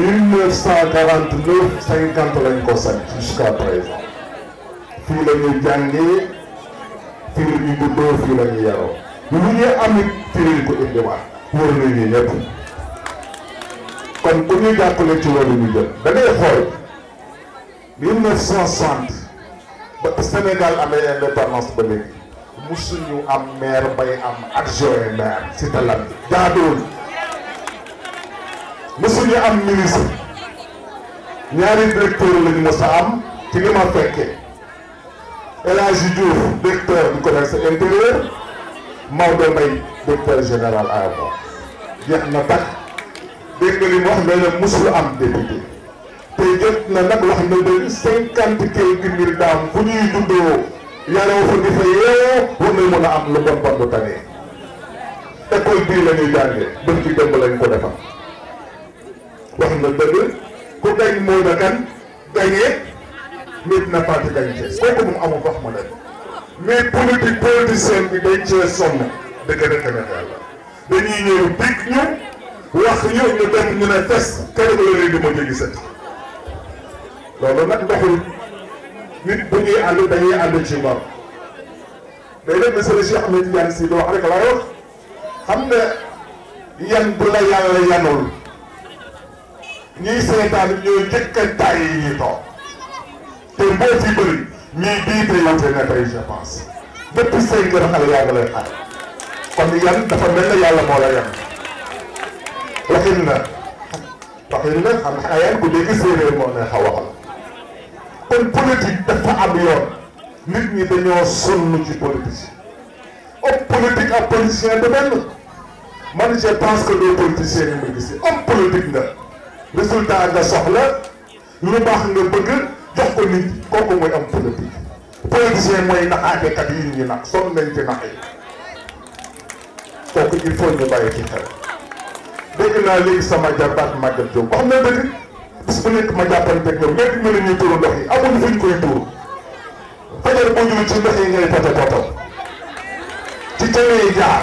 1949 50 lañ ko sant jusqu'à présent fii la jàngee fii la ñuy fii la yaroo lu ñuy am it fii la ñu ko indiwaat wóor na ñi ñëpp kon ku ñuy jàppale ci loolu ñu jël da ngay xool 1960 ba Sénégal amee indépendance ba léegi musuñu am maire bay am adjoint maire si talam bi ñu am ministre ñaari directeur lañu mos a am ci li ma fekkee El Hadji Diouf directeur du commerce intérieur Maodo Mbaye directeur général aéroport jeex na tax dégg nga li wax nee na musul am député te jot na nag wax na cinquante mille fu ñuy yàlla fa di fa yeewoo war nañ mën a am lu bon bon bu tane école bii la ñuy jàngee bët ci démb lañ ko defar wax na dëgg ku gañ mooy la gañee nit na parti gañ Thiès kooku moom amul wax ma dëgg mais politique politicien bi dañ cee sonn dëgg rek a nekk yàlla dañuy ñëw dig ñu wax ñu ñu def ñu ne fes kër ga la di ma jógi set loolu nag doxul nit bu ñuy ànd dañuy ànd ci mbar day def na sëriñ Cheikh Ahmed Tidiane si doo wax rek laa wax xam nga yan bu la yàlla yanul ñiy seetaan ñooy njëkk a taay yi te boo fi bëri ñuy bii présenté na tey je pense depuis say ngir xale yaa ngi lay kon yan dafa ne yàlla moo la yan waxin na waxin na xam xayaan ku dégg séeréer moo ne xaw waxal kon politique dafa am yoon nit ñi dañoo sonn ci politique homme politique ak politicien du benn man je pense que les politiciens yi ma gis homme résultat nga soxla lu baax nga bëgg jox ko nit kooku mooy am politique politicien mooy naxaatekat yi ñu nax sonn nañ ci nax kooku il faut ñu bàyyi ci xel dégg naa léegi sama jarbaat Maguette Diop wax na dëgg bis bu nekk ma jàppanteeg ñoom ñetti ñu ne ñuy tuuru ndox yi amuñu koy tuuru fajar boo ñëwee ci ndox ngay poto poto ci télé yi jaar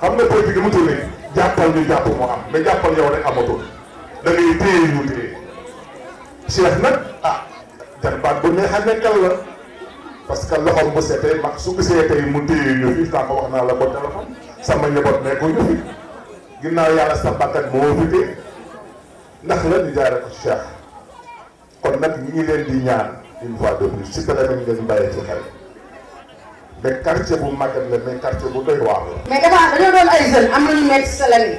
xam nga politique mu tourné jàppal ñu jàpp moo am mais jàppal yow rek amatul da ngay téye ñu téye Cheikh nag ah jar bu neex a nekkal la parce que loxoom bu seetee mag su gisee tey mu téye ñu fi sànq wax naa la ko téléphone sama njaboot nekkul ñu fi ginnaaw yàlla sa bakkan moo fi téye ndax la ñu jaaree ko Cheikh kon nag ñu ngi leen di ñaan une fois de plus si téléphone ngeen bàyyi ci xel. mais quartier bu màggat la mais quartier bu doy waar la. mais dafa dañoo doon ay jeunes am nañu métti Salamine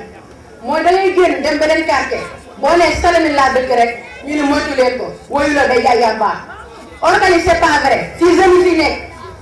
mooy da ngay génn dem beneen quartier boo nee Salamine laa dëkk rek ñu ne moytu leen ko woyu la day jaay yàlla baax organise c'est pas vrai si jeunes yi fi nekk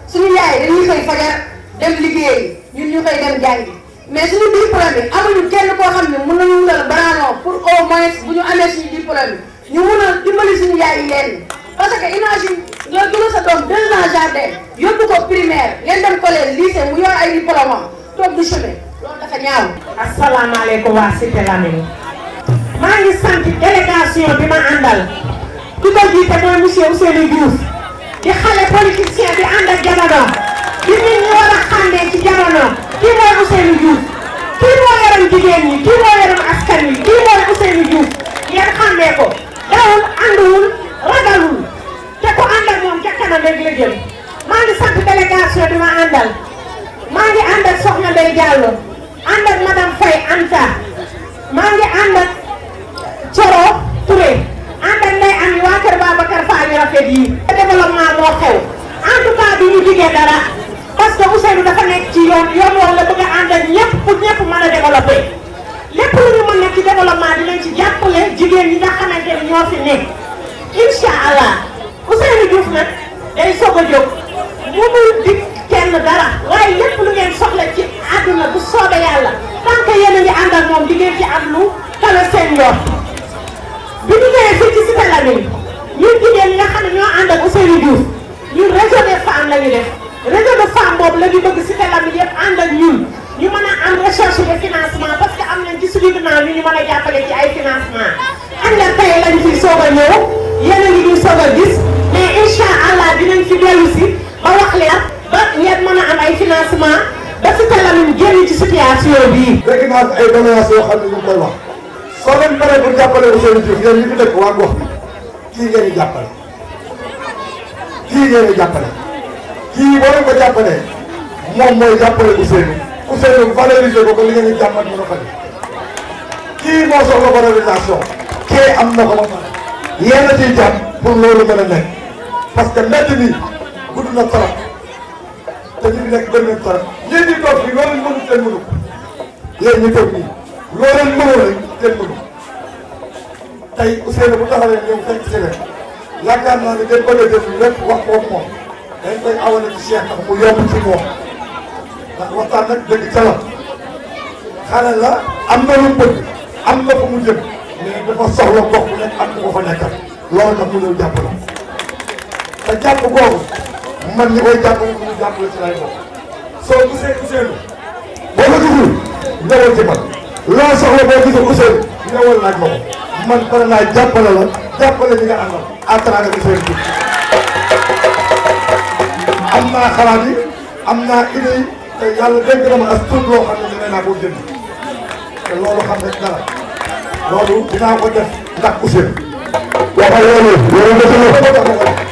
suñu yaay dañuy xëy fajar dem liggéeyi ñun ñu koy dem jàngi mais suñu diplôme yi amuñu kenn koo xam ne mën nañu wutal baraanoo pour au moins bu ñu amee suñu diplôme yi ñu mun a dimbali suñu yaay yi leen parce que imagine. nga dugal sa doom deux ans jardin yóbbu ko primaire ngeen dem collège lycée mu yor ay diplôme am toog du chemin loolu dafa ñaaw. asalaamaaleykum waa Cité Lamy. maa ngi sant délégation bi ma àndal. di ko jiite mooy monsieur Ousseynou kii mooy yaram jigéen kii moo yaram askan wi kii mooy Ousseynou Diouf. ngeen xàmmee ko dawul ànduwul. Ndam rek la jëm maa ngi sant délégation bi ma Soxna Ndeye Diallo ànd ak madame Anta maa ngi ànd Touré ànd ak Ndeye Ami Kër Babacar Fall rafet yi développement moo xew en tout cas du ñu jigee dara parce que Ousseynou dafa nekk ci yoon yoon woon la bëgg a pour lu ñu ci développement ci jigéen nga ñoo fi allah Ousseynou Diouf day soog a jóg mënul dig kenn dara waaye lépp lu ngeen soxla ci àdduna bu soobee yàlla tant que yéen a ngi ànd moom di ci am lu kala seen yoon. bi ñu ñëwee fii ci jigéen ñi nga xam ñoo ànd ak Ousseynou Diouf ñun réseau des femmes la def réseau de femmes boobu la ñu bëgg Cité Lamy yëpp ànd ñun. ñu mën a am recherche de financement parce que am nañ ci suñu ginnaaw ñu ñu mën a jàppale ci ay financement ànd ak tey lañ fi soog a ñëw yéen a ñu soog a gis. mais incha allah dinañ ci dellu si ba wax leen ba ngeen mën a am ay financement ba si talamin génn ci situation bii. fekk naa fi ay doléances yoo xam ne ñu ngi koy wax soo leen paree bu jàppale Ousseynou Diouf yéen ñi fi dëkk waa gox bi kii ngeen di jàppale kii ngeen jàppale kii boo leen ko moom mooy jàppale Ousseynou Ousseynou valoriser ko ko li ngeen di jàmbat a kii moo soxla am na a loolu mën a nekk. parce que mbedd mi gudd na trop te ñu nekk benn trop ñii ñu toog fii loolu mënu kenn mënu yéen ñu toog nii loolu mënul rek kenn mënu tey Ousseynou bu taxawee ñoom fekk si leen yaakaar naa ne ngeen bëgg a def lépp wax koog moom dañ koy awale ci Cheikh ndax mu yomb ci moom ndax waxtaan nag dëgg ca la xale am na lu mu am na fa mu jëm mais dafa soxla gox bu nekk am na fa nekkal loolu nag mu ñëw jàpp te jàpp googu man li koy jàppale bu ñu jàppale ci lay bokk soo gisee Ousseynou boo ko gisul ñëwal ci man loo soxla boo gisee Ousseynou ñëwal laaj ma ko man pare naa jàppale la jàppale ñi nga àndal à travers Ousseynou bi am naa xalaat yi am naa idée yi te yàlla dégg na ma as tuut loo xam ne dina naa ko jënd te loolu xam nga dara loolu dinaa ko def ndax Ousseynou. waaw loolu loolu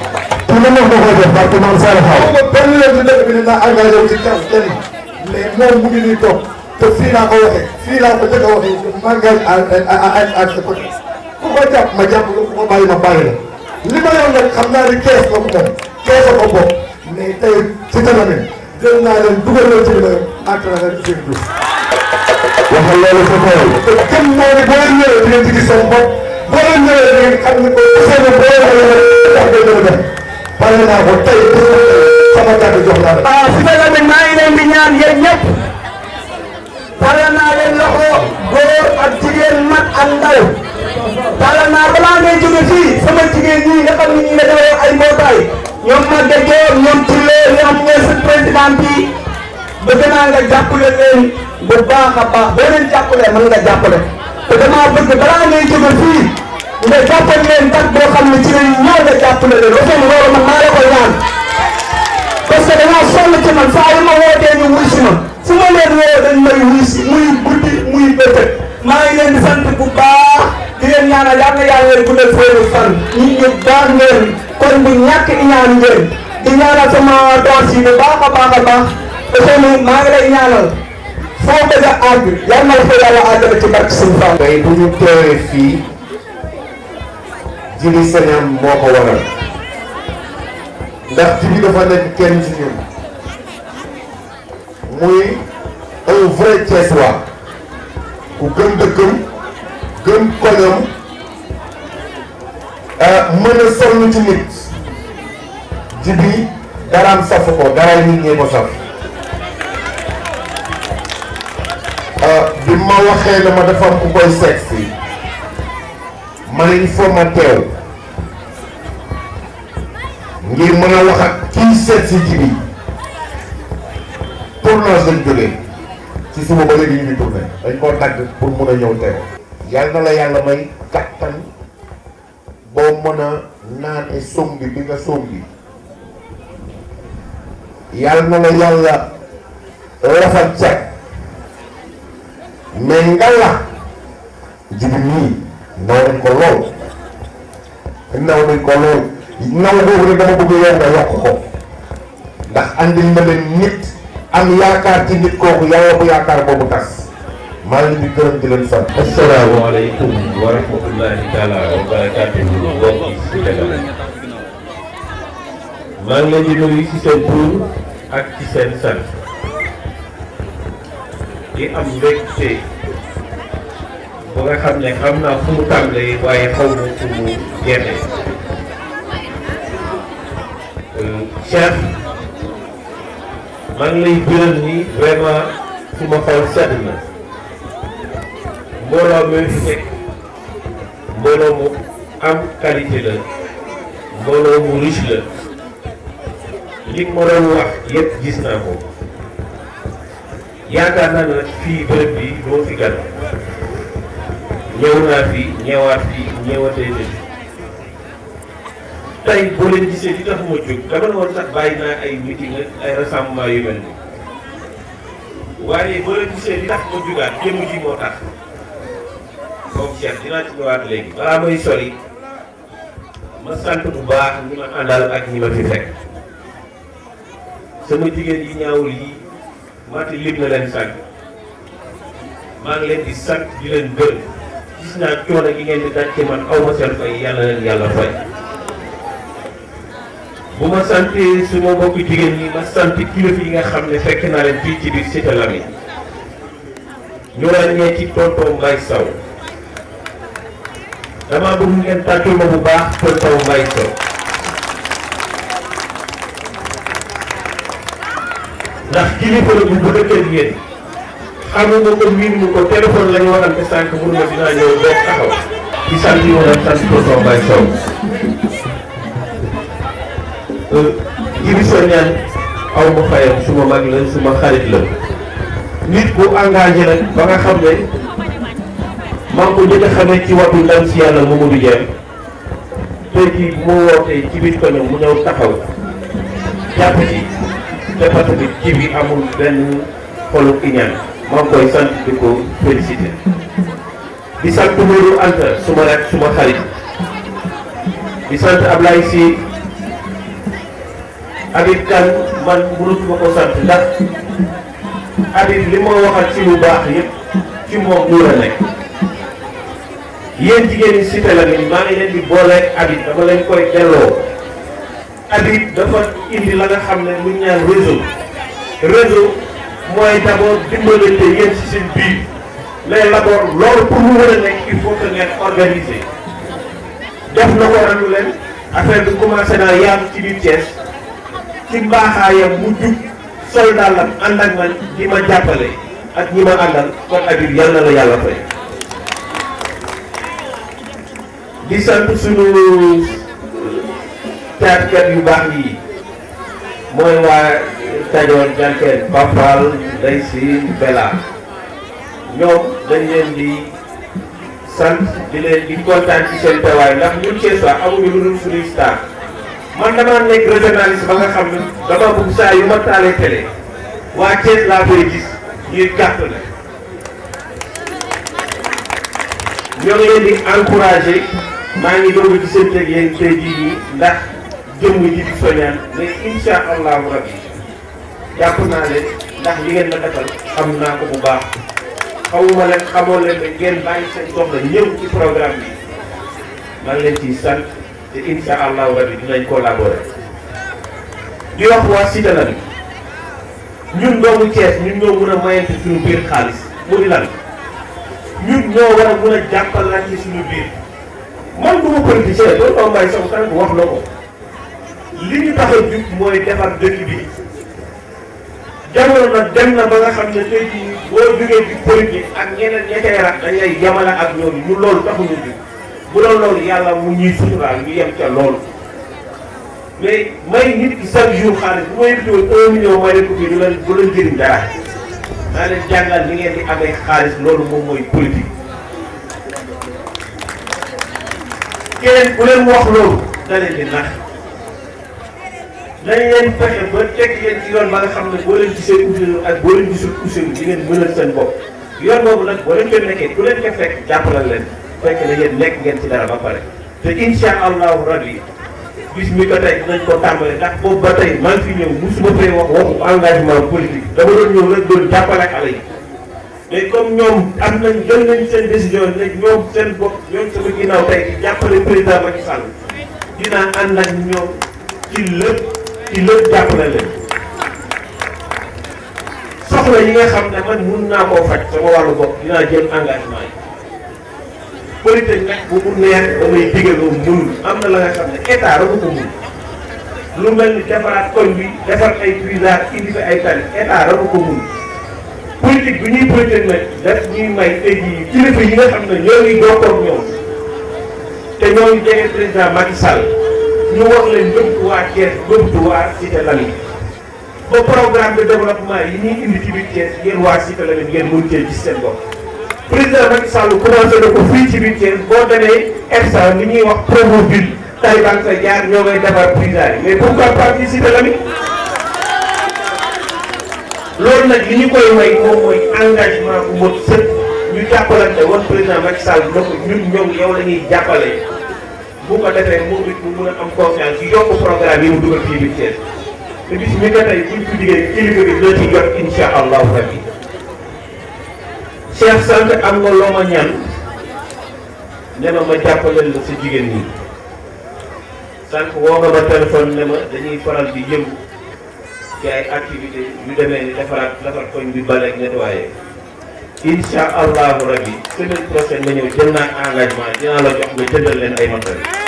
te mën na ko koy def parce que man saa la xaw ma benn yoon ci dëkk bi ne naa engagé wu ci kas kenn mais moom mu ngi nii toog te fii laa ko waxee fii laa ko njëkk a waxee engagé à à à sa côté ku ko jàpp ma jàpp la ku ko bàyyi ma bàyyi la li ma yor nag xam naa ni kees la ko moom kees la ko bopp mais tey ci kanam jël naa leen dugal leen ci biir à travers seen dugub. waxal loolu sa tool. te kenn moo ne boo leen ñëwee di ngeen ci gis seen bopp boo leen ñëwee di ngeen xam ni ko seen bopp boo leen ñëwee di ngeen wane naa ko tey bu sama kàddu jox naa la. waaw su fekkee tamit maa ngi leen di ñaan yéen ñëpp. talal naa leen loxo góor ak jigéen mag ak ndaw. talal naa balaa ngay jóge fii jigéen ñi nga xam ne ñu ngi defee ay mbootaay. ñoom Maguette Diop ñoom Tulle ñoom ñooy seen président bi bëgg naa nga jàppale leen bu baax a baax boo leen jàppale mën nga jàppale te damaa bëgg balaa ngay jóge mais jàppal leen pàcc boo xam ne ci lañ ñëw nga jàppale leen ba seen loolu man maa la koy ñaan parce que dañoo sonn ci man saa ma wootee ñu wuy ma fu ma leen woo dañ may wuy si muy guddi muy bëccëg maa ngi leen di sant bu baax di leen ñaanal yàlla na yàlla leen guddal seeni fan ñu ñu baax ngeen kon bu ñàkk ñaan ngeen di ñaanal sama danse yi bu baax a baax a baax Ousseynou maa ngi lay ñaanal foo a àgg yàlla na la fa yàlla àggale ci barke suñu fan. tey bu ñu teewee Djiby Sénéane moo ko waral ndax Djiby dafa nekk kenn ci ñun muy un vrai Thiessois ku gëm dëkkam gëm koñam euh, mën a sonn ci nit Djiby daraam saf ko daraay nit ñee ko saf euh, bi ma waxee dama dafa am ku koy seet si ma ne il faut ma teew ngir mën a wax ak kii seet si ji bi tournage lañ jógee ci suba ba léegi ñu ngi tourné dañ koo dagg pour mun a ñëw teew. yàlla na la yàlla may kattan boo mën a naane sombi bi nga sombi yàlla na la yàlla rafet ceeb mais nga la ji nii. naw nañ ko lool naw nañ ko lool naw boobu nag dama bëgg yow nga ko ndax andil ma leen nit am yaakaar ci nit kooku yàlla ko yaakaar boobu tas maa ngi di gërëm maa ngi leen di ci seen tur ak ci seen sant di am mbégte. ba nga xam ne am naa fu mu tàmbalee waaye xaw ma fu mu yemee Cheikh maa lay biral ni vraiment su ma xol sedd na mbooloo mi nekk mbooloo mu am qualité la mbooloo mu riche la li ma doon wax yëpp gis naa ko yaakaar naa ne fii bërëb bi doo fi gan ñëw naa fi ñëwaat fi ñëwatee na fi tey boo leen gisee tax ma jóg dama na woon sax bàyyi ay meeting ay rassemblement yu mel nii waaye boo leen gisee li tax ma jugaat jëmm ji moo tax comme Cheikh dinaa ci ñëwaat léegi balaa may sori ma sant bu baax ma ak fi sama yi ñaawul yi mati lim na leen sant maa ngi leen di sant di len gërëm gis naa coono gi ngeen di daj ci man aw ma seen fay yàlla leen yàlla fay bu ma santee suma ma mbokk jigéen ñi ma sant kilifa yi nga xam ne fekk naa leen fii ci biir Cité Lamy ñu ràññee ci tonton Mbaye Sow dama bëgg ngeen tàccul bu baax tonton Mbaye Sow ndax kilifa bu bu dëkkee yéen xamu ma ko miin ma ko téléphone lañu waxante sànq mun ma dinaa ñëw bokk taxaw ci sant yi ma sant tonton Mbaye Sow Jibi Soñaan aw ma fayam suma mag la suma xarit la nit bu engagé nag ba nga xam ne maa ngi ko njëkk a xamee ci wàllu ndam si yàlla Mamadou Dieng tey jii moo wootee ci biir koñam mu ñëw taxaw jàpp ci te bi amul benn xolu maa ngi koy sant di ko félicité di sant Modou Anta suma rek suma xarit di sant Ablaye Sy Habib Kane man mënut ma ko sant ndax Habib li ma waxal ci lu baax yëpp ci moom lu la nekk yéen jigéen la ni maa ngi leen di booleeg Habib dama leen koy delloo Habib dafa indi la nga xam ne lu ñu réseau réseau mooy d'abord dimbalante yéen si seen biir mais d'abord loolu pour mu war a nekk il faut que ngeen organiser def na ko ranu leen affaire bi commencé naa yaatu ci biir Thiès ci mbaaxaayam mu jub sol dàllam ànd ak man di ma jàppale ak ñi ma àndal kon Habib yal na la yàlla fay di sant sunu caatkat yu baax yi mooy waa Kajoor Jankeer Bapal Ndey Si Bella ñoom dañ leen di sant di leen di kontaan ci seen teewaay ndax ñun Cees waa amuñu lu dul suñuy star man damaa nekk régionaliste ba nga xam dama bëgg saa yu ma taalee télé waa Cees laa koy gis ñuy gàtt la ñoo leen di encouragé maa ngi doog a gisante ak yéen jii nii ndax jëmm ji di soñaan mais incha allahu rabbi jàpp naa leen ndax li ngeen ma defal xam naa ko bu baax xawuma leen xamoon leen ne ngeen bàyyi seen soxla ñëw ci programme bi maa ngi leen ci sant te insha allahu rabi dinañ collaborer di wax waa Cité Lamy ñun doomu Thiès ñun ñoo mën a mayante suñu biir xaalis mu di lan ñun ñoo war a mën a jàppalante suñu biir man du ma politicien loolu Mbaye Sow sànq wax na ko li ñu tax a mooy defar dëkk bi. jamono nag dem na ba nga xam ne tey jii boo jógee ci politique ak ñeneen ña cay rax dañ lay yemale ak ñooñu ñu loolu taxuñu jóg bu doon loolu yàlla mu ñuy suturaal ñu yem ca loolu mais may nit ki chaque jour xaalis may nekk bi du la du la jëriñ dara naa leen jàngal ni ngeen di amee xaalis loolu moom mooy politique keneen ku leen wax loolu da leen di dañ leen fexe ba teg leen ci yoon ma nga xam ne boo leen gisee ubbi ak boo leen gisul poussé wu di ngeen mënal seen bopp yoon boobu nag boo leen ko nekkee ku leen ko fekk jàppalal leen fekk na yéen nekk ngeen ci dara ba pare te incha allahu yi bis mi ko tey dinañ ko tàmbale ndax ba tey maa ngi fi ñëw musuma fee wax waxu engagement politique dama doon ñëw rek doon jàppale ak xale yi mais comme ñoom am nañ jël nañ seen décision léegi ñoom seen bopp ñoom sama ginnaaw tey jàppale président Macky Sall dinaa ànd ak ñoom ci lépp ci lépp jàppale leen soxla yi nga xam ne man mun naa koo faj sama wàllu bopp dinaa jël engagement yi politique nag bu neex damay digal loolu mënul am na la nga xam ne état rek ko mun lu mel ni defaraat koñ bi defar ay puisard indi fi ay tali état rek ko mun politique bi ñuy politique nag daf ñuy may tey jii kilifa yi nga xam ne ñoo ngi bokkoon ñoom te ñoo jege président Macky Sall. ñu war leen jumtuwaat Thiès jumtuwaat Cité Lamy ba programme de développement yi ñuy indi ci biir Thiès waa Cité Lamy ngeen mën cee gis seen bopp. président Macky Sall commencé na ko fii ci biir boo demee EFSA li ñuy wax Promovilles tay sa jaar ñoo ngay defar prison yi mais pourquoi pas fii Cité loolu nag yi ñu koy may moom mooy engagement bu mot sëkk ñu jàppalante woon président Macky Sall ne ko ñun ñoom yow la ñuy jàppale. bu ko defee mu mu mën am confiance yokk programme yi mu dugal fii biir Thiès te bis mi nga tey buñ ko diggee kilifa bi dina ci jot insha allah rabbi Cheikh sant am nga loo ma ñaan ne ma ma la Allah jigéen ñi sànq woo nga ma téléphone ne dañuy faral di ci ay activité yu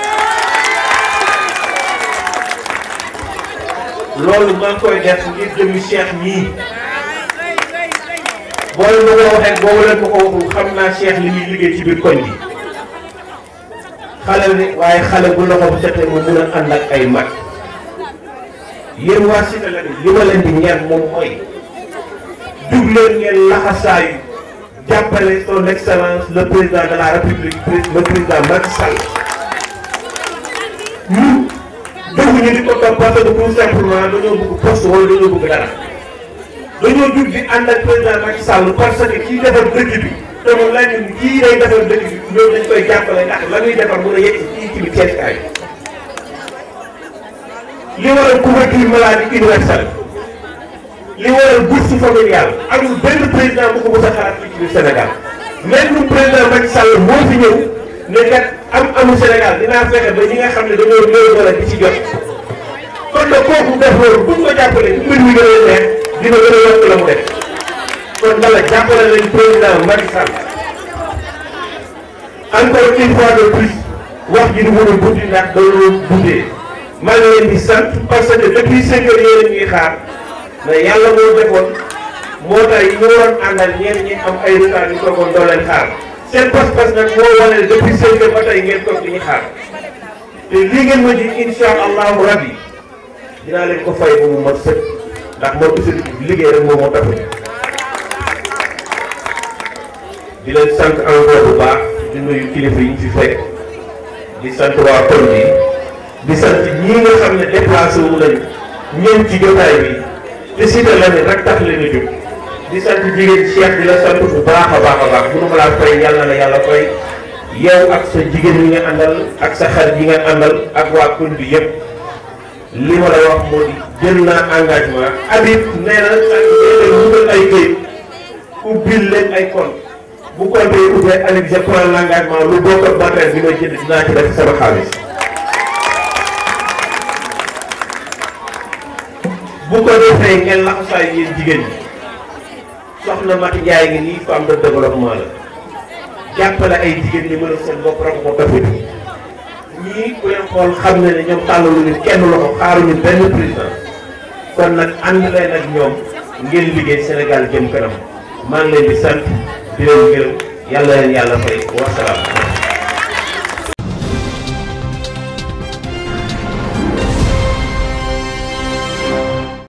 loolu maa ngi koy def ngir jëmi Cheikh mii boo leen ma ko waxee boobu leen ma ko waxul xam naa Cheikh li muy liggéey ci biir koñ bi xale bi waaye xale bu loxo bu setee mu mun a ànd ak ay mag yéen waa li ma leen di ñaan moom mooy jug ngeen laxasaayu jàppale son excellence le président de république président Macky Sall. ñu di ko topp parce que tout simplement dañoo bëgg poste wala dañoo bëgg dara dañoo jug di ànd ak président Macky Sall parce que kii defar dëkk bi te moom laa ñu kii day defar dëkk bi ñoom a yegg ci kii amul benn président bu ko mos a fi ñëw ne kat am amu Sénégal dinaa fexe ba nga xam ne dañoo néew doole di ci jot. kon nag kooku def loolu bu ñu ko a neex dina a yokk la mu def kon dala jàppale leen président Macky Sall encore une fois de plus wax ji ni mu ne ndax doon guddee maa ngi leen di sant parce que depuis cinq heures yéen ngi xaar na yàlla moo defoon moo tax yi ñu waroon àndal ñenn ñi am ay retard yu toogoon doo xaar seen pas-pas nag moo wane depuis cinq heures ba tey ngeen toog di xaar te lii ngeen ma ji incha allahu rabbi dinaa leen ko fay ba mu mat ndax moom bisu liggéey rek moom moo taxul di leen sant encore bu baax di nuyu kilifa yi ñu fi fekk di sant waa koñ bi di sant ñii nga xam ne déplacé wu nañu ñoom ci jotaay bi te si la ne rek tax leen a di sant jigéen Cheikh di la sant bu baax a baax a baax bu nu ma laa fay yàlla na yàlla fay yow ak sa jigéen yi nga àndal ak sa xarit yi nga àndal ak waa koñ bi yëpp. li ma la wax moo di jël naa engagement Habib nee na nee na ay këyit ay compte bu lu bokk ak matériel bi may jënd dinaa ci def sama xaalis. bu ko defee ngeen laxasaay yéen jigéen ñi soxna Mati Ndiaye ngi nii femme de développement la jàppale ay jigéen ñi mën a seen bopp rek ko defee. ñii ku leen xool xam na ne ñoom tàllalu ñu kenn loxo xaaruñu benn président kon nag ànd leen ak ñoom ngeen liggéey Sénégal jëm kanam maa ngi leen di sant di leen yàlla leen yàlla fay wasalaam